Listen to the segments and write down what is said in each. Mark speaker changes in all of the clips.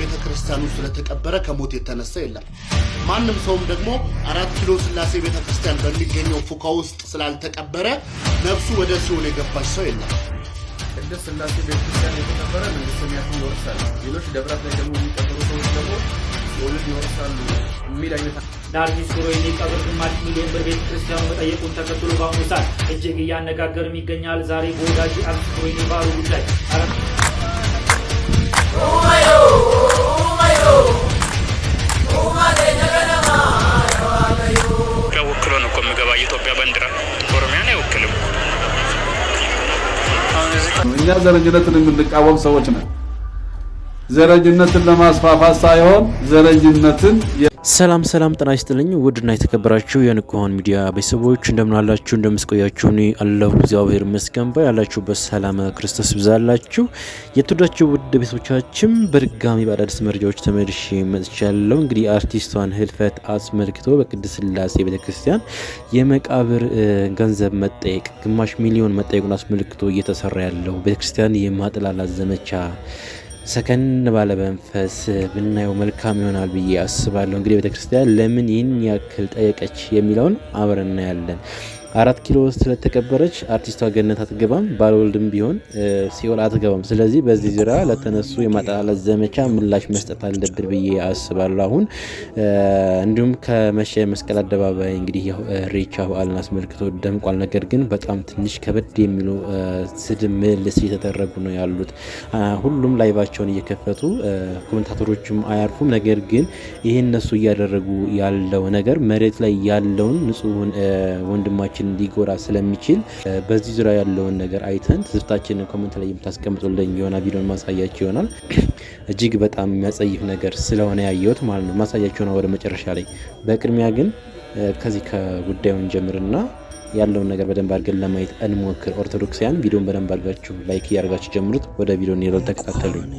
Speaker 1: ቤተ ክርስቲያን ውስጥ ስለተቀበረ ከሞት የተነሳ የለም። ማንም ሰውም ደግሞ አራት ኪሎ ስላሴ ቤተ ክርስቲያን በሚገኘው ፉካ ውስጥ ስላልተቀበረ ነፍሱ ወደ ሲኦል የገባች ሰው የለም።
Speaker 2: ቅድስት ስላሴ ቤተ ክርስቲያን የተቀበረ መንግሥተ ሰማያትን ይወርሳል፣ ሌሎች ደብራት ላይ ደግሞ የሚቀበሩ ሰዎች ደግሞ ሲኦልን ይወርሳሉ የሚል አይነት
Speaker 3: ዳርቪስ የኔ ቀብር ግማሽ ሚሊዮን ብር ቤተ ክርስቲያኑ መጠየቁን ተከትሎ በአሁኑ ሰዓት እጅግ እያነጋገርም ይገኛል። ዛሬ በወዳጅ አርቪስ ሮ ባሉ ጉዳይ
Speaker 1: እኛ ዘረኝነትን የምንቃወም ሰዎች ነን። ዘረኝነትን ለማስፋፋት ሳይሆን ዘረኝነትን
Speaker 4: ሰላም ሰላም፣ ጤና ይስጥልኝ ውድና የተከበራችሁ የንቁሆን ሚዲያ ቤተሰቦች እንደምናላችሁ እንደምስቆያችሁ፣ እኔ አለሁ እግዚአብሔር ይመስገን። ያላችሁበት ሰላም ክርስቶስ ብዛላችሁ። የተወዳችሁ ውድ ቤቶቻችን በድጋሚ በአዳዲስ መረጃዎች ተመልሼ መጥቻለሁ። እንግዲህ አርቲስቷን ህልፈት አስመልክቶ በቅድስት ሥላሴ ቤተክርስቲያን የመቃብር ገንዘብ መጠየቅ ግማሽ ሚሊዮን መጠየቁን አስመልክቶ እየተሰራ ያለው ቤተክርስቲያን የማጥላላት ዘመቻ ሰከን ባለ መንፈስ ብናየው መልካም ይሆናል ብዬ አስባለሁ። እንግዲህ ቤተክርስቲያን ለምን ይህን ያክል ጠየቀች የሚለውን አብረን እናያለን። አራት ኪሎ ውስጥ ስለተቀበረች አርቲስቷ ገነት አትገባም፣ ባለወልድም ቢሆን ሲኦል አትገባም። ስለዚህ በዚህ ዙሪያ ለተነሱ የማጠላለት ዘመቻ ምላሽ መስጠት አለብን ብዬ አስባለሁ። አሁን እንዲሁም ከመሸ መስቀል አደባባይ እንግዲህ ሬቻ በዓልን አስመልክቶ ደምቋል። ነገር ግን በጣም ትንሽ ከበድ የሚሉ ስድብ ምልልስ እየተደረጉ ነው ያሉት። ሁሉም ላይቫቸውን እየከፈቱ ኮሜንታተሮችም አያርፉም። ነገር ግን ይህ እነሱ እያደረጉ ያለው ነገር መሬት ላይ ያለውን ንጹሕን ወንድማቸው ህዝባችን ሊጎራ ስለሚችል በዚህ ዙሪያ ያለውን ነገር አይተን ህዝብታችንን ኮመንት ላይ የምታስቀምጡልኝ የሆነ ቪዲዮን ማሳያቸው ይሆናል። እጅግ በጣም የሚያጸይፍ ነገር ስለሆነ ያየሁት ማለት ነው። ማሳያቸው ነው ወደ መጨረሻ ላይ። በቅድሚያ ግን ከዚህ ከጉዳዩን ጀምርና ያለውን ነገር በደንብ አድርገን ለማየት እንሞክር። ኦርቶዶክሳውያን ቪዲዮን በደንብ አድርጋችሁ ላይክ እያደርጋችሁ ጀምሩት። ወደ ቪዲዮ ኔሮል ተከታተሉኝ።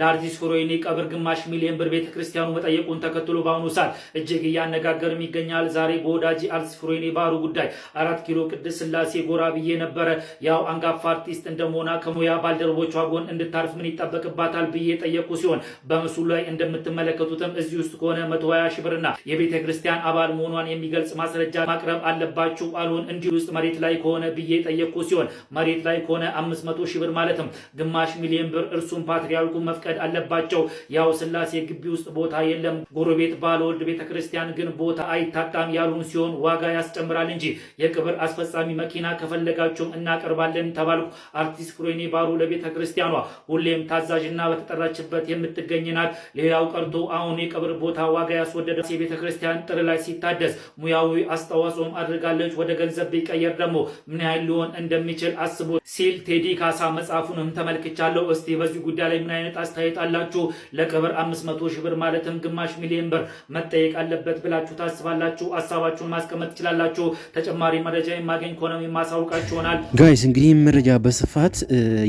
Speaker 3: ለአርቲስት ፍሮይኒ ቀብር ግማሽ ሚሊዮን ብር ቤተክርስቲያኑ መጠየቁን ተከትሎ በአሁኑ ሰዓት እጅግ እያነጋገርም ይገኛል። ዛሬ በወዳጅ አርቲስት ፍሮይኒ ባህሩ ጉዳይ አራት ኪሎ ቅድስት ስላሴ ጎራ ብዬ ነበረ። ያው አንጋፋ አርቲስት እንደመሆና ከሙያ ባልደረቦቿ ጎን እንድታርፍ ምን ይጠበቅባታል ብዬ ጠየቁ ሲሆን በምስሉ ላይ እንደምትመለከቱትም እዚህ ውስጥ ከሆነ መቶ ሀያ ሺህ ብርና የቤተ ክርስቲያን አባል መሆኗን የሚገልጽ ማስረጃ ማቅረብ አለባችሁ አሉን። እንዲህ ውስጥ መሬት ላይ ከሆነ ብዬ ጠየቁ ሲሆን መሬት ላይ ከሆነ አምስት መቶ ሺህ ብር ማለትም ግማሽ ሚሊዮን ብር እርሱን ፓትሪያርኩ መፍ ማስፈቀድ አለባቸው። ያው ስላሴ ግቢ ውስጥ ቦታ የለም፣ ጎረቤት ባለወልድ ቤተ ክርስቲያን ግን ቦታ አይታጣም ያሉን ሲሆን ዋጋ ያስጨምራል እንጂ የቅብር አስፈጻሚ መኪና ከፈለጋችሁም እናቀርባለን ተባልኩ። አርቲስት ፍሬኔ ባሩ ለቤተ ክርስቲያኗ ሁሌም ታዛዥና በተጠራችበት የምትገኝ ናት። ሌላው ቀርቶ አሁን የቅብር ቦታ ዋጋ ያስወደደ የቤተ ክርስቲያን ጥር ላይ ሲታደስ ሙያዊ አስተዋጽኦም አድርጋለች። ወደ ገንዘብ ቢቀየር ደግሞ ምን ያህል ሊሆን እንደሚችል አስቦ ሲል ቴዲ ካሳ መጽሐፉንም ተመልክቻለሁ። እስቲ በዚህ ጉዳይ ላይ ምን አይነት አስተያየት አላችሁ? ለቀብር 500 ሺህ ብር ማለትም ግማሽ ሚሊዮን ብር መጠየቅ አለበት ብላችሁ ታስባላችሁ? ሀሳባችሁን ማስቀመጥ ትችላላችሁ። ተጨማሪ መረጃ የማገኝ ከሆነ የማሳውቃችሁ ይሆናል።
Speaker 4: ጋይስ እንግዲህ መረጃ በስፋት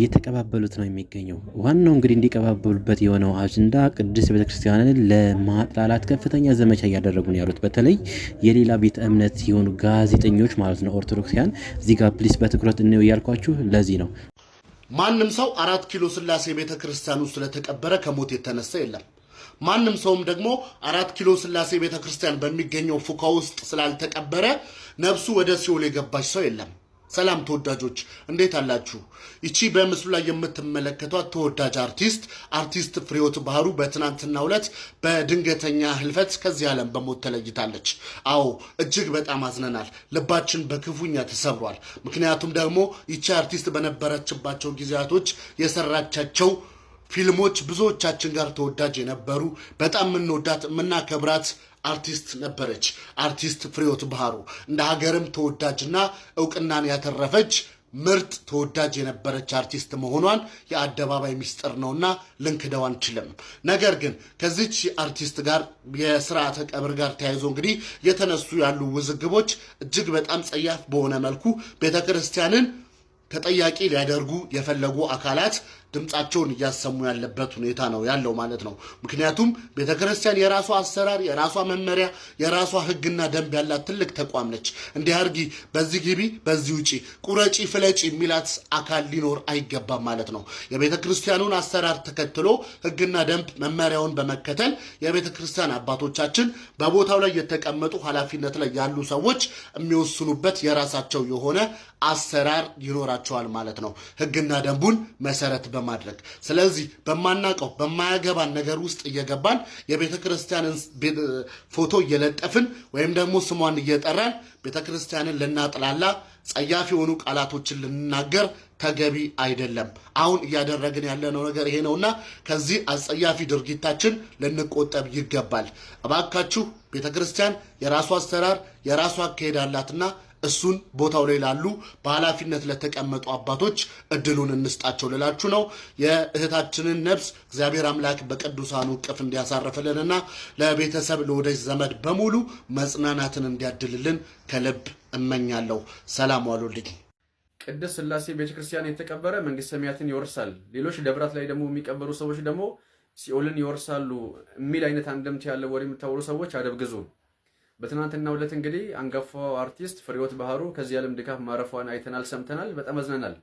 Speaker 4: የተቀባበሉት ነው የሚገኘው። ዋናው እንግዲህ እንዲቀባበሉበት የሆነው አጀንዳ ቅድስት ቤተክርስቲያንን ለማጥላላት ከፍተኛ ዘመቻ እያደረጉ ነው ያሉት በተለይ የሌላ ቤተ እምነት የሆኑ ጋዜጠኞች ማለት ነው ኦርቶዶክሲያን እዚህ ጋር ፕሊስ በትኩረት እንየው እያልኳችሁ ለዚህ ነው።
Speaker 1: ማንም ሰው አራት ኪሎ ስላሴ ቤተ ክርስቲያን ውስጥ ስለተቀበረ ከሞት የተነሳ የለም። ማንም ሰውም ደግሞ አራት ኪሎ ስላሴ ቤተ ክርስቲያን በሚገኘው ፉካ ውስጥ ስላልተቀበረ ነፍሱ ወደ ሲኦል የገባች ሰው የለም። ሰላም ተወዳጆች እንዴት አላችሁ? ይቺ በምስሉ ላይ የምትመለከቷት ተወዳጅ አርቲስት አርቲስት ፍሬሕይወት ባህሩ በትናንትናው ዕለት በድንገተኛ ህልፈት ከዚህ ዓለም በሞት ተለይታለች። አዎ እጅግ በጣም አዝነናል። ልባችን በክፉኛ ተሰብሯል። ምክንያቱም ደግሞ ይቺ አርቲስት በነበረችባቸው ጊዜያቶች የሰራቻቸው ፊልሞች ብዙዎቻችን ጋር ተወዳጅ የነበሩ በጣም የምንወዳት የምናከብራት አርቲስት ነበረች። አርቲስት ፍሬዮት ባህሩ እንደ ሀገርም ተወዳጅና እውቅናን ያተረፈች ምርጥ ተወዳጅ የነበረች አርቲስት መሆኗን የአደባባይ ሚስጥር ነውና ልንክደው አንችልም። ነገር ግን ከዚች አርቲስት ጋር የስርዓተ ቀብር ጋር ተያይዞ እንግዲህ የተነሱ ያሉ ውዝግቦች እጅግ በጣም ጸያፍ በሆነ መልኩ ቤተ ክርስቲያንን ተጠያቂ ሊያደርጉ የፈለጉ አካላት ድምፃቸውን እያሰሙ ያለበት ሁኔታ ነው ያለው ማለት ነው። ምክንያቱም ቤተ ክርስቲያን የራሷ አሰራር፣ የራሷ መመሪያ፣ የራሷ ሕግና ደንብ ያላት ትልቅ ተቋም ነች። እንዲህ አርጊ፣ በዚህ ግቢ፣ በዚህ ውጪ፣ ቁረጪ፣ ፍለጪ የሚላት አካል ሊኖር አይገባም ማለት ነው። የቤተ ክርስቲያኑን አሰራር ተከትሎ ሕግና ደንብ መመሪያውን በመከተል የቤተ ክርስቲያን አባቶቻችን በቦታው ላይ የተቀመጡ ኃላፊነት ላይ ያሉ ሰዎች የሚወስኑበት የራሳቸው የሆነ አሰራር ይኖራቸዋል ማለት ነው ሕግና ደንቡን መሰረት በ በማድረግ ስለዚህ በማናቀው በማያገባን ነገር ውስጥ እየገባን የቤተ ክርስቲያንን ፎቶ እየለጠፍን ወይም ደግሞ ስሟን እየጠራን ቤተ ክርስቲያንን ልናጥላላ ጸያፍ የሆኑ ቃላቶችን ልንናገር ተገቢ አይደለም። አሁን እያደረግን ያለነው ነገር ይሄ ነውና ከዚህ አጸያፊ ድርጊታችን ልንቆጠብ ይገባል። እባካችሁ ቤተ ክርስቲያን የራሱ አሰራር የራሱ አካሄድ አላትና እሱን ቦታው ላይ ላሉ በኃላፊነት ለተቀመጡ አባቶች እድሉን እንስጣቸው ልላችሁ ነው። የእህታችንን ነፍስ እግዚአብሔር አምላክ በቅዱሳኑ እቅፍ እንዲያሳርፍልንና ለቤተሰብ ለወዳጅ ዘመድ በሙሉ መጽናናትን እንዲያድልልን ከልብ እመኛለሁ። ሰላም ዋሉልኝ።
Speaker 5: ቅድስት ስላሴ ቤተክርስቲያን የተቀበረ መንግስት ሰማያትን ይወርሳል፣ ሌሎች ደብራት ላይ ደግሞ የሚቀበሩ ሰዎች ደግሞ ሲኦልን ይወርሳሉ የሚል አይነት አንድምት ያለ ወሬ የምታወሩ ሰዎች አደብግዙ። በትናንትናው ዕለት እንግዲህ አንጋፋው አርቲስት ፍሬሕይወት ባህሩ ከዚህ ዓለም ድካፍ ማረፏን አይተናል፣ ሰምተናል፣ በጣም አዝነናል።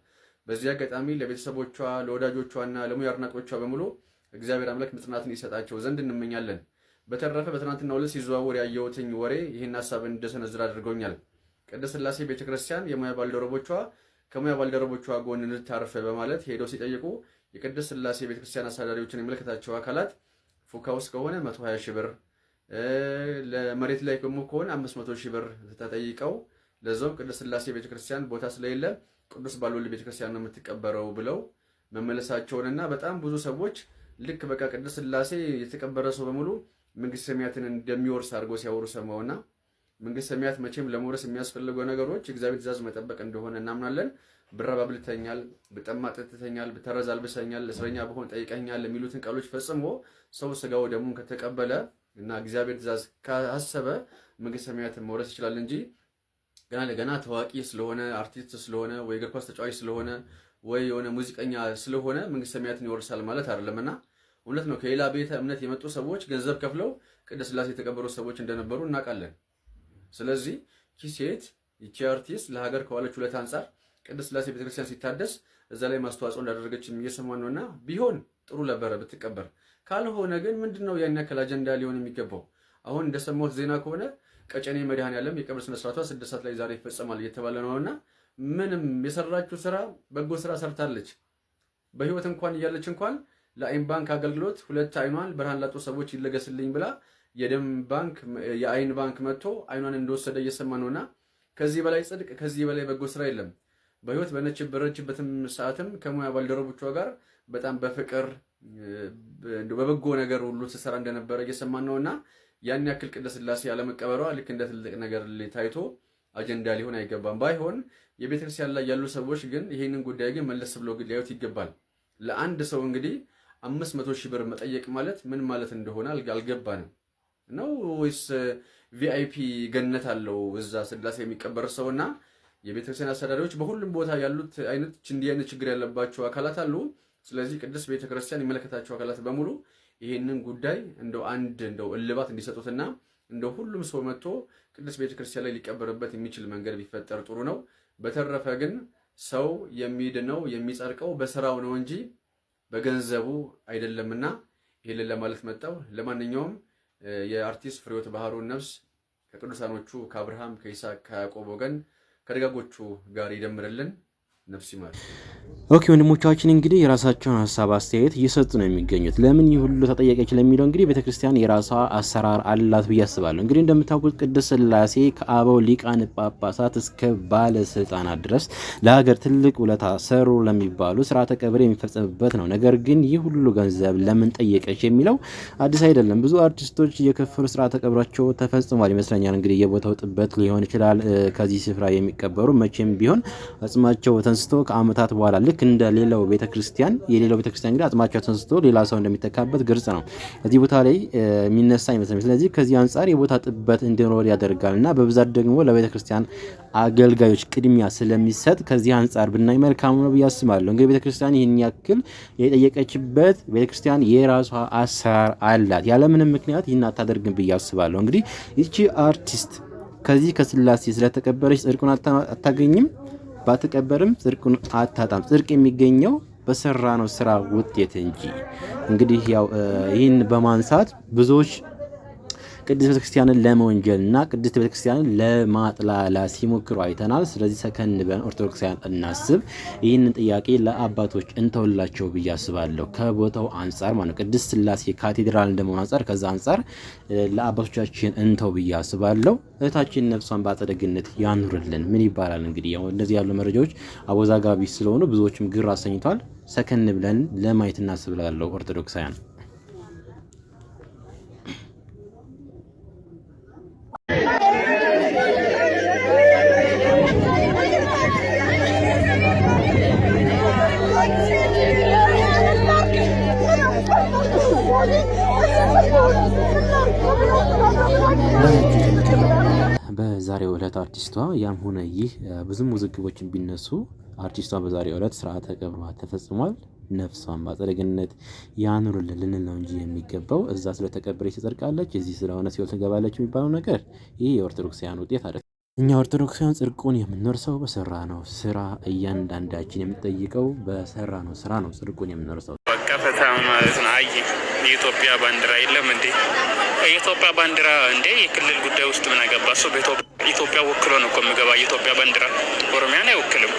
Speaker 5: በዚህ አጋጣሚ ለቤተሰቦቿ ለወዳጆቿ እና ለሙያ አድናቆቿ በሙሉ እግዚአብሔር አምላክ መጽናትን ይሰጣቸው ዘንድ እንመኛለን። በተረፈ በትናንትናው ዕለት ሲዘዋወር ያየሁትኝ ወሬ ይህን ሀሳብ እንደሰነዝር አድርጎኛል። ቅድስት ሥላሴ ቤተክርስቲያን የሙያ ባልደረቦቿ ከሙያ ባልደረቦቿ ጎን እንድታርፍ በማለት ሄደው ሲጠይቁ የቅድስት ሥላሴ ቤተክርስቲያን አስተዳዳሪዎችን የሚመለከታቸው አካላት ፉካ ውስጥ ከሆነ 120 ሺህ ብር ለመሬት ላይ ቆሞ ከሆነ 500 ሺህ ብር ተጠይቀው ለዛውም ቅዱስ ስላሴ ቤተክርስቲያን ቦታ ስለሌለ ቅዱስ ባልወልድ ቤተክርስቲያን ነው የምትቀበረው ብለው መመለሳቸውንና በጣም ብዙ ሰዎች ልክ በቃ ቅዱስ ስላሴ የተቀበረ ሰው በሙሉ መንግስት ሰማያትን እንደሚወርስ አድርጎ ሲያወሩ ሰማውና መንግስት ሰማያት መቼም ለመውረስ የሚያስፈልገው ነገሮች እግዚአብሔር ትእዛዝ መጠበቅ እንደሆነ እናምናለን። ብራብ አብልተኛል፣ ብጠማ አጠጥተኛል፣ ብተረዝ አልብሰኛል፣ እስረኛ ብሆን ጠይቀኛል የሚሉትን ቃሎች ፈጽሞ ሰው ስጋው ደሙን ከተቀበለ እና እግዚአብሔር ትእዛዝ ካሰበ መንግስተ ሰማያትን መውረስ ይችላል እንጂ ገና ለገና ታዋቂ ስለሆነ አርቲስት ስለሆነ ወይ እግር ኳስ ተጫዋች ስለሆነ ወይ የሆነ ሙዚቀኛ ስለሆነ መንግስተ ሰማያትን ይወርሳል ማለት አይደለም። እና እውነት ነው ከሌላ ቤተ እምነት የመጡ ሰዎች ገንዘብ ከፍለው ቅድስት ስላሴ የተቀበሩ ሰዎች እንደነበሩ እናውቃለን። ስለዚህ ኪሴት ይቺ አርቲስት ለሀገር ከዋለች ሁለት አንጻር ቅድስት ስላሴ ቤተክርስቲያን ሲታደስ እዛ ላይ ማስተዋጽኦ እንዳደረገች እየሰማን ነውና ቢሆን ጥሩ ነበረ ብትቀበር ካልሆነ ግን ምንድን ነው ያን ያክል አጀንዳ ሊሆን የሚገባው? አሁን እንደሰማሁት ዜና ከሆነ ቀጨኔ መድኃኔዓለም የቀብር ስነ ስርዓቷ ስድስት ሰዓት ላይ ዛሬ ይፈጸማል እየተባለ እና ምንም የሰራችው ስራ በጎ ስራ ሰርታለች። በህይወት እንኳን እያለች እንኳን ለአይን ባንክ አገልግሎት ሁለት አይኗን ብርሃን ላጡ ሰዎች ይለገስልኝ ብላ የደም ባንክ የአይን ባንክ መጥቶ አይኗን እንደወሰደ እየሰማ ነውእና ከዚህ በላይ ጽድቅ፣ ከዚህ በላይ በጎ ስራ የለም። በህይወት በነበረችበትም ሰዓትም ከሙያ ባልደረቦቿ ጋር በጣም በፍቅር በበጎ ነገር ሁሉ ስሰራ እንደነበረ እየሰማን ነው እና ያን ያክል ቅድስት ስላሴ ያለመቀበሯ ልክ እንደ ትልቅ ነገር ታይቶ አጀንዳ ሊሆን አይገባም። ባይሆን የቤተክርስቲያን ላይ ያሉ ሰዎች ግን ይህንን ጉዳይ ግን መለስ ብሎ ሊያዩት ይገባል። ለአንድ ሰው እንግዲህ አምስት መቶ ሺህ ብር መጠየቅ ማለት ምን ማለት እንደሆነ አልገባንም ነው ወይስ ቪአይፒ ገነት አለው እዛ ስላሴ የሚቀበር ሰውና የቤተክርስቲያን አስተዳዳሪዎች በሁሉም ቦታ ያሉት አይነት እንዲህ አይነት ችግር ያለባቸው አካላት አሉ። ስለዚህ ቅድስት ቤተክርስቲያን የሚመለከታቸው አካላት በሙሉ ይህንን ጉዳይ እንደው አንድ እንደው እልባት እንዲሰጡትና እንደው ሁሉም ሰው መጥቶ ቅድስት ቤተክርስቲያን ላይ ሊቀበርበት የሚችል መንገድ ቢፈጠር ጥሩ ነው። በተረፈ ግን ሰው የሚድነው የሚጸድቀው በስራው ነው እንጂ በገንዘቡ አይደለምና ይህንን ለማለት
Speaker 4: መጣው። ለማንኛውም የአርቲስት ፍሬወት ባህሩን ነፍስ ከቅዱሳኖቹ ከአብርሃም ከይስሐቅ ከያዕቆብ ወገን ከደጋጎቹ ጋር ይደምርልን። ኦኬ ወንድሞቻችን እንግዲህ የራሳቸውን ሀሳብ አስተያየት እየሰጡ ነው የሚገኙት። ለምን ይህ ሁሉ ተጠየቀች ለሚለው እንግዲህ ቤተክርስቲያን የራሷ አሰራር አላት ብዬ አስባለሁ። እንግዲህ እንደምታውቁት ቅድስት ስላሴ ከአበው ሊቃነ ጳጳሳት እስከ ባለስልጣናት ድረስ ለሀገር ትልቅ ውለታ ሰሩ ለሚባሉ ስርዓተ ቀብር የሚፈጸምበት ነው። ነገር ግን ይህ ሁሉ ገንዘብ ለምን ጠየቀች የሚለው አዲስ አይደለም። ብዙ አርቲስቶች እየከፈሉ ስርዓተ ቀብራቸው ተፈጽሟል ይመስለኛል። እንግዲህ የቦታው ጥበት ሊሆን ይችላል። ከዚህ ስፍራ የሚቀበሩ መቼም ቢሆን አጽማቸው ተንስቶ ከዓመታት በኋላ ልክ እንደ ሌላው ቤተክርስቲያን የሌላው ቤተክርስቲያን እንግዲህ አጽማቸው ተንስቶ ሌላ ሰው እንደሚተካበት ግልጽ ነው። እዚህ ቦታ ላይ የሚነሳ አይመስለኝ። ስለዚህ ከዚህ አንጻር የቦታ ጥበት እንዲኖር ያደርጋል እና በብዛት ደግሞ ለቤተክርስቲያን አገልጋዮች ቅድሚያ ስለሚሰጥ ከዚህ አንጻር ብናይ መልካም ነው ብዬ አስባለሁ። እንግዲህ ቤተክርስቲያን ይህን ያክል የጠየቀችበት ቤተክርስቲያን የራሷ አሰራር አላት። ያለምንም ምክንያት ይህን አታደርግም ብዬ አስባለሁ። እንግዲህ ይቺ አርቲስት ከዚህ ከስላሴ ስለተቀበረች ጽድቁን አታገኝም። ባትቀበርም ጽድቅን አታጣም። ጽድቅ የሚገኘው በሰራ ነው ስራ ውጤት እንጂ። እንግዲህ ያው ይህን በማንሳት ብዙዎች ቅድስት ቤተክርስቲያንን እና ቅድስት ቤተክርስቲያንን ለማጥላላ ሲሞክሩ አይተናል። ስለዚህ ሰከን ብለን ኦርቶዶክሳውያን እናስብ። ይህንን ጥያቄ ለአባቶች እንተውላቸው ብዬ አስባለሁ። ከቦታው አንጻር ማለት ቅድስት ስላሴ ካቴድራል እንደመሆን አንጻር ከዛ አንጻር ለአባቶቻችን እንተው ብዬ አስባለሁ። እህታችን ነፍሷን በአጸደ ገነት ያኑርልን። ምን ይባላል እንግዲህ ያው እንደዚህ ያሉ መረጃዎች አወዛጋቢ ስለሆኑ ብዙዎችም ግር አሰኝቷል። ሰከን ብለን ለማየት እናስብላለሁ ኦርቶዶክሳውያን በዛሬው ዕለት አርቲስቷ ያም ሆነ ይህ ብዙም ውዝግቦችን ቢነሱ አርቲስቷ በዛሬው ዕለት ስርዓተ ቀብሯ ተፈጽሟል። ነፍሷን በአጸደ ገነት ያኑርልን ልንል ነው እንጂ የሚገባው እዛ ስለተቀበረች ትጸድቃለች፣ እዚህ ስለሆነ ሲኦል ትገባለች የሚባለው ነገር ይህ የኦርቶዶክሳውያን ውጤት አለ። እኛ ኦርቶዶክሳውያን ጽድቁን የምንወርሰው በሰራ ነው ስራ። እያንዳንዳችን የምንጠይቀው በሰራ ነው ስራ ነው ጽድቁን የምንወርሰው።
Speaker 6: በቃ ፈታ ማለት ነው። አይ የኢትዮጵያ ባንዲራ የለም እንዴ? የኢትዮጵያ ባንዲራ እንዴ? የክልል ጉዳይ ውስጥ ምን አገባ? እሱ በኢትዮጵያ ወክሎ ነው እኮ የሚገባ። የኢትዮጵያ ባንዲራ ኦሮሚያን አይወክልም።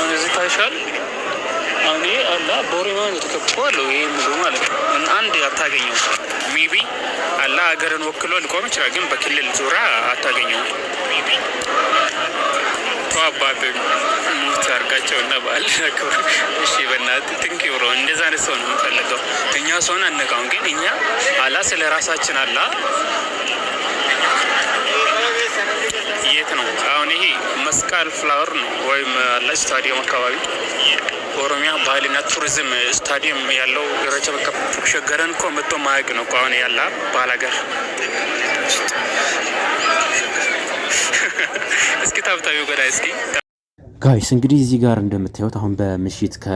Speaker 6: አሁን እዚህ ታይሻል። አሁን ይሄ አላ ቦሬ ማለት ነው ተከብቶ አለው ይሄ ማለት ነው። አንድ አታገኘው ሜቢ አላ ሀገርን ወክሎ ሊቆም ይችላል፣ ግን በክልል ዙሪያ አታገኘው ተዋባብ ተዋባት አርጋቸው እና በዓል ክብር። እሺ በእናት ትንክ ይብሮ እንደዛ አይነት ሰው ነው የምንፈልገው እኛ ሰውን አነቃውን ግን እኛ አላ ስለ ራሳችን አላ የት ነው አሁን ይሄ መስቀል ፍላወር ነው ወይም አላ ስታዲየም አካባቢ ኦሮሚያ ባህልና ቱሪዝም ስታዲየም ያለው ረቸ በቃ ሸገረን እኮ መጥቶ ማያቅ ነው አሁን ያለ ባህል ሀገር
Speaker 4: እስኪ ታብታቢ ጎዳ እስኪ ጋይስ እንግዲህ እዚህ ጋር እንደምታዩት አሁን በምሽት ከ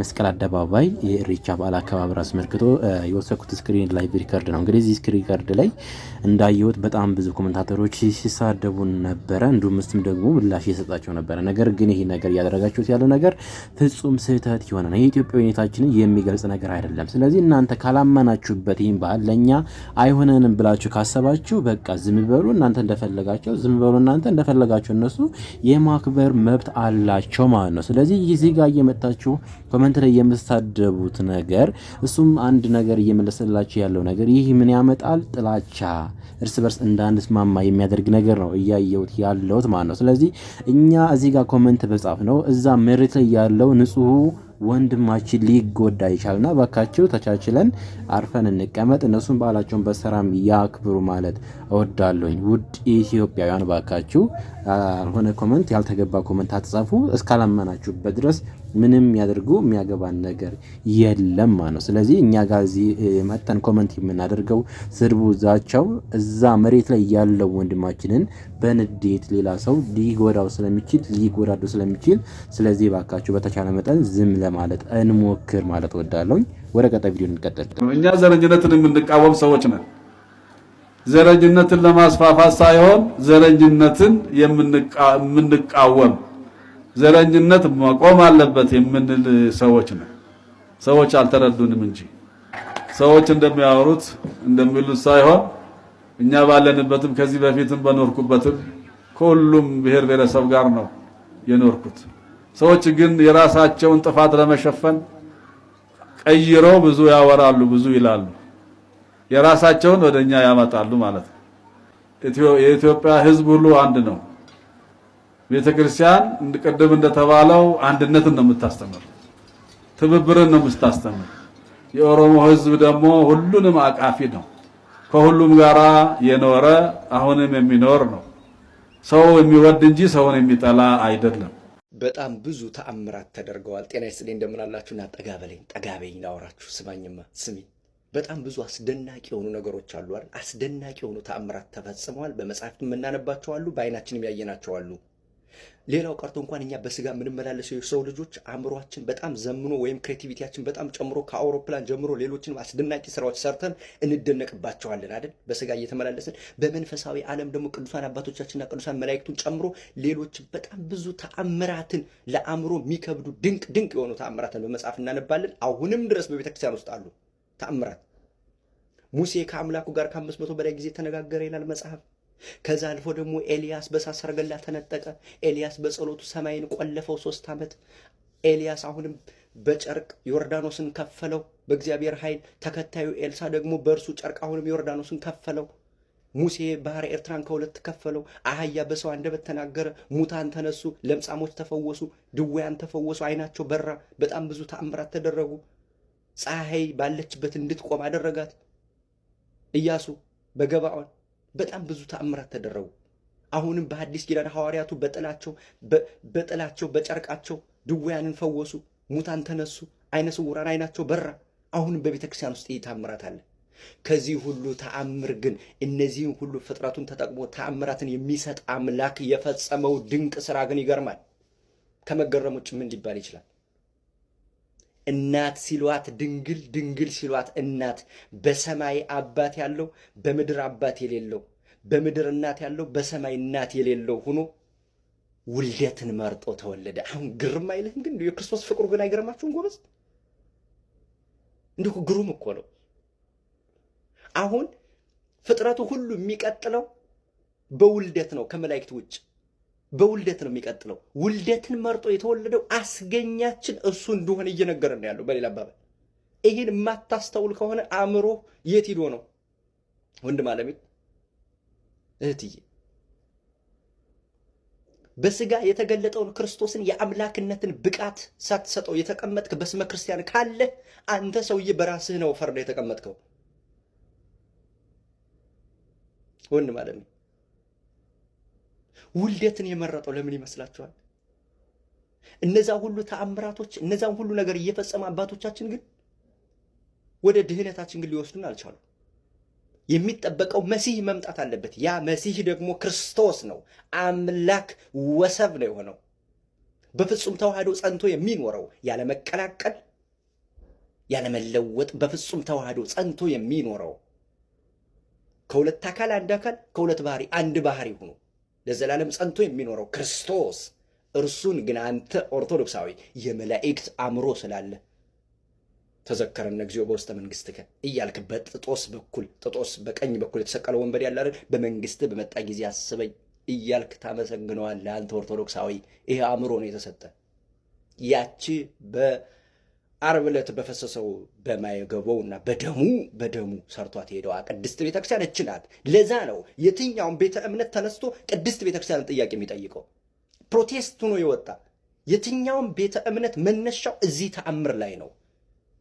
Speaker 4: መስቀል አደባባይ የኢሬቻ በዓል አከባበር አስመልክቶ የወሰድኩት ስክሪን ላይቭ ሪከርድ ነው። እንግዲህ እዚህ ስክሪን ሪከርድ ላይ እንዳየሁት በጣም ብዙ ኮመንታተሮች ሲሳደቡ ነበረ፣ እንዲሁም እሱም ደግሞ ምላሽ እየሰጣቸው ነበረ። ነገር ግን ይህ ነገር እያደረጋችሁት ያለው ነገር ፍጹም ስህተት የሆነ ነው። የኢትዮጵያ ሁኔታችንን የሚገልጽ ነገር አይደለም። ስለዚህ እናንተ ካላመናችሁበት ይህን ባህል ለእኛ አይሆነንም ብላችሁ ካሰባችሁ በቃ ዝም በሉ እናንተ እንደፈለጋቸው ዝም በሉ እናንተ እንደፈለጋቸው እነሱ የማክበር መብት አላቸው ማለት ነው። ስለዚህ እዚህ ጋር እየመጣችሁ ኮመንት ላይ የምሳደቡት ነገር እሱም አንድ ነገር እየመለሰላችሁ ያለው ነገር ይህ ምን ያመጣል? ጥላቻ፣ እርስ በርስ እንዳንስማማ የሚያደርግ ነገር ነው እያየሁት ያለሁት ማለት ነው። ስለዚህ እኛ እዚህ ጋር ኮመንት በጻፍ ነው እዛ መሬት ላይ ያለው ንጹህ ወንድማችን ሊጎዳ ይቻልና ባካቸው ተቻችለን አርፈን እንቀመጥ። እነሱም በዓላቸውን በሰላም ያክብሩ ማለት እወዳለሁኝ። ውድ ኢትዮጵያውያን ባካችሁ ያልሆነ ኮመንት ያልተገባ ኮመንት አትጻፉ። እስካላመናችሁበት ድረስ ምንም ያደርጉ የሚያገባን ነገር የለም ነው። ስለዚህ እኛ ጋር እዚህ መጠን ኮመንት የምናደርገው ስድቡ፣ ዛቻው እዛ መሬት ላይ ያለው ወንድማችንን በንዴት ሌላ ሰው ሊጎዳው ስለሚችል ሊጎዳዱ ስለሚችል፣ ስለዚህ እባካችሁ በተቻለ መጠን ዝም ለማለት እንሞክር ማለት ወዳለሁኝ። ወደ ቀጣይ ቪዲዮ እንቀጥል።
Speaker 1: እኛ ዘረኝነትን የምንቃወም ሰዎች ነን። ዘረኝነትን ለማስፋፋት ሳይሆን ዘረኝነትን የምንቃወም ዘረኝነት መቆም አለበት የምንል ሰዎች ነው። ሰዎች አልተረዱንም እንጂ ሰዎች እንደሚያወሩት እንደሚሉት ሳይሆን እኛ ባለንበትም ከዚህ በፊትም በኖርኩበትም ከሁሉም ብሔር ብሔረሰብ ጋር ነው የኖርኩት። ሰዎች ግን የራሳቸውን ጥፋት ለመሸፈን ቀይረው ብዙ ያወራሉ፣ ብዙ ይላሉ። የራሳቸውን ወደኛ ያመጣሉ ማለት ነው። የኢትዮጵያ ሕዝብ ሁሉ አንድ ነው። ቤተ ክርስቲያን ቅድም እንደተባለው አንድነትን ነው የምታስተምር፣ ትብብርን ነው የምታስተምር። የኦሮሞ ሕዝብ ደግሞ ሁሉንም አቃፊ ነው። ከሁሉም ጋራ የኖረ አሁንም የሚኖር ነው። ሰው የሚወድ እንጂ ሰውን የሚጠላ አይደለም።
Speaker 6: በጣም ብዙ ተአምራት ተደርገዋል። ጤና ይስጥልኝ እንደምናላችሁ እና ጠጋበለኝ ጠጋበኝ ላወራችሁ ስማኝማ ስሚ በጣም ብዙ አስደናቂ የሆኑ ነገሮች አሉ አይደል? አስደናቂ የሆኑ ተአምራት ተፈጽመዋል። በመጽሐፍት የምናነባቸው አሉ፣ በአይናችንም ያየናቸው አሉ። ሌላው ቀርቶ እንኳን እኛ በስጋ የምንመላለሰው የሰው ልጆች አእምሯችን በጣም ዘምኖ ወይም ክሬቲቪቲያችን በጣም ጨምሮ ከአውሮፕላን ጀምሮ ሌሎችን አስደናቂ ስራዎች ሰርተን እንደነቅባቸዋለን አይደል? በስጋ እየተመላለስን። በመንፈሳዊ ዓለም ደግሞ ቅዱሳን አባቶቻችንና ቅዱሳን መላእክቱን ጨምሮ ሌሎችን በጣም ብዙ ተአምራትን ለአእምሮ የሚከብዱ ድንቅ ድንቅ የሆኑ ተአምራትን በመጽሐፍ እናነባለን። አሁንም ድረስ በቤተክርስቲያን ውስጥ አሉ። ተአምራት ሙሴ ከአምላኩ ጋር ከአምስት መቶ በላይ ጊዜ ተነጋገረ ይላል መጽሐፍ። ከዛ አልፎ ደግሞ ኤልያስ በሳት ሰረገላ ተነጠቀ። ኤልያስ በጸሎቱ ሰማይን ቆለፈው ሶስት ዓመት። ኤልያስ አሁንም በጨርቅ ዮርዳኖስን ከፈለው በእግዚአብሔር ኃይል። ተከታዩ ኤልሳ ደግሞ በእርሱ ጨርቅ አሁንም ዮርዳኖስን ከፈለው። ሙሴ ባህር ኤርትራን ከሁለት ከፈለው። አህያ በሰው አንደበት ተናገረ። ሙታን ተነሱ፣ ለምጻሞች ተፈወሱ፣ ድውያን ተፈወሱ፣ አይናቸው በራ። በጣም ብዙ ተአምራት ተደረጉ። ፀሐይ ባለችበት እንድትቆም አደረጋት። እያሱ በገባዖን በጣም ብዙ ተአምራት ተደረጉ። አሁንም በሀዲስ ኪዳን ሐዋርያቱ በጥላቸው በጥላቸው በጨርቃቸው ድውያንን ፈወሱ፣ ሙታን ተነሱ፣ አይነ ስውራን አይናቸው በራ። አሁንም በቤተ ክርስቲያን ውስጥ ይህ ተአምራት አለ። ከዚህ ሁሉ ተአምር ግን እነዚህን ሁሉ ፍጥረቱን ተጠቅሞ ተአምራትን የሚሰጥ አምላክ የፈጸመው ድንቅ ስራ ግን ይገርማል። ከመገረም ውጭ ምን ሊባል ይችላል? እናት ሲሏት ድንግል፣ ድንግል ሲሏት እናት በሰማይ አባት ያለው በምድር አባት የሌለው በምድር እናት ያለው በሰማይ እናት የሌለው ሆኖ ውልደትን መርጦ ተወለደ። አሁን ግርም አይልህም? ግን የክርስቶስ ፍቅሩ ግን አይገርማችሁም? ጎበዝ እንዲሁ ግሩም እኮ ነው። አሁን ፍጥረቱ ሁሉ የሚቀጥለው በውልደት ነው ከመላእክት ውጭ በውልደት ነው የሚቀጥለው። ውልደትን መርጦ የተወለደው አስገኛችን እሱ እንደሆነ እየነገረን ነው ያለው። በሌላ አባባል ይህን የማታስተውል ከሆነ አእምሮ የት ሂዶ ነው? ወንድም አለሜ እህትዬ፣ በስጋ የተገለጠውን ክርስቶስን የአምላክነትን ብቃት ሳትሰጠው የተቀመጥክ በስመ ክርስቲያን ካለ አንተ ሰውዬ በራስህ ነው ፈርደ የተቀመጥከው። ወንድም አለሜ ውልደትን የመረጠው ለምን ይመስላችኋል? እነዛ ሁሉ ተአምራቶች፣ እነዛን ሁሉ ነገር እየፈጸመ አባቶቻችን ግን ወደ ድህነታችን ግን ሊወስዱን አልቻሉ። የሚጠበቀው መሲህ መምጣት አለበት። ያ መሲህ ደግሞ ክርስቶስ ነው። አምላክ ወሰብ ነው የሆነው በፍጹም ተዋህዶ ጸንቶ የሚኖረው ያለመቀላቀል ያለመለወጥ በፍጹም ተዋህዶ ጸንቶ የሚኖረው ከሁለት አካል አንድ አካል ከሁለት ባህሪ አንድ ባህሪ ሆኖ ለዘላለም ጸንቶ የሚኖረው ክርስቶስ እርሱን ግን አንተ ኦርቶዶክሳዊ የመላእክት አእምሮ ስላለ ተዘከረነ እግዚኦ በውስተ መንግሥትከ እያልክ በጥጦስ በኩል ጥጦስ በቀኝ በኩል የተሰቀለው ወንበድ ያለ በመንግስት በመጣ ጊዜ አስበኝ እያልክ ታመሰግነዋለህ። አንተ ኦርቶዶክሳዊ ይሄ አእምሮ ነው የተሰጠ ያቺ በ አርብ ዕለት በፈሰሰው በማይገባው እና በደሙ በደሙ ሰርቷት ሄደዋ ቅድስት ቤተክርስቲያን እች ናት። ለዛ ነው የትኛውን ቤተ እምነት ተነስቶ ቅድስት ቤተክርስቲያን ጥያቄ የሚጠይቀው ፕሮቴስት ሆኖ የወጣ የትኛውን ቤተ እምነት መነሻው እዚህ ተአምር ላይ ነው።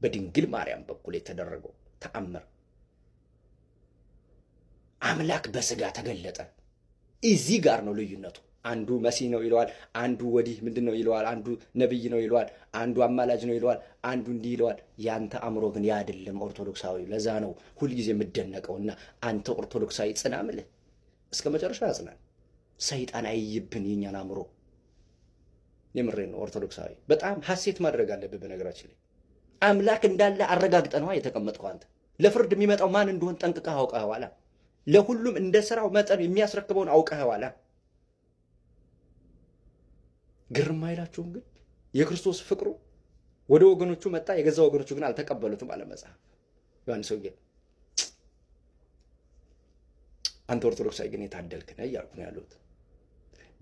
Speaker 6: በድንግል ማርያም በኩል የተደረገው ተአምር አምላክ በስጋ ተገለጠ። እዚህ ጋር ነው ልዩነቱ። አንዱ መሲህ ነው ይለዋል፣ አንዱ ወዲህ ምንድን ነው ይለዋል፣ አንዱ ነብይ ነው ይለዋል፣ አንዱ አማላጅ ነው ይለዋል፣ አንዱ እንዲህ ይለዋል። ያንተ አእምሮ ግን ያ ኦርቶዶክሳዊ። ለዛ ነው ሁልጊዜ እና አንተ ኦርቶዶክሳዊ ጽና ምልህ እስከ መጨረሻ ያጽናል። ሰይጣን አይይብን የኛን አእምሮ። የምሬ ነው። ኦርቶዶክሳዊ በጣም ሀሴት ማድረግ አለብህ። በነገራችን ላይ አምላክ እንዳለ አረጋግጠ ነዋ የተቀመጥከው አንተ ለፍርድ የሚመጣው ማን እንደሆን ጠንቅቀህ አውቀህ ኋላ ለሁሉም እንደ ስራው መጠን የሚያስረክበውን አውቀህ ኋላ ግርም አይላችሁም? ግን የክርስቶስ ፍቅሩ ወደ ወገኖቹ መጣ፣ የገዛ ወገኖቹ ግን አልተቀበሉትም አለ መጽሐፍ ዮሐንስ ወንጌል። አንተ ኦርቶዶክሳዊ ግን የታደልክ ነህ እያልኩ ነው ያሉት።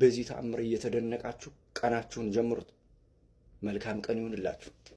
Speaker 6: በዚህ ተአምር እየተደነቃችሁ ቀናችሁን ጀምሩት። መልካም ቀን ይሁንላችሁ።